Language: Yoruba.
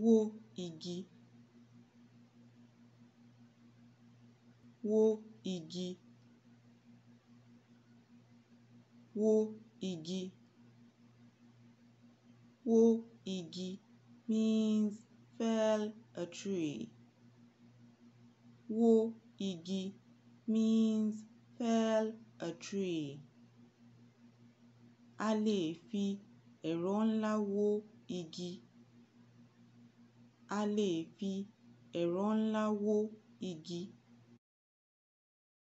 Wo igi wo igi wo igi wo igi means fell a tree Wo igi means fell a tree a lè fi ẹ̀rọ ńlá wó igi a lè fi ẹ̀rọ ńlá wó igi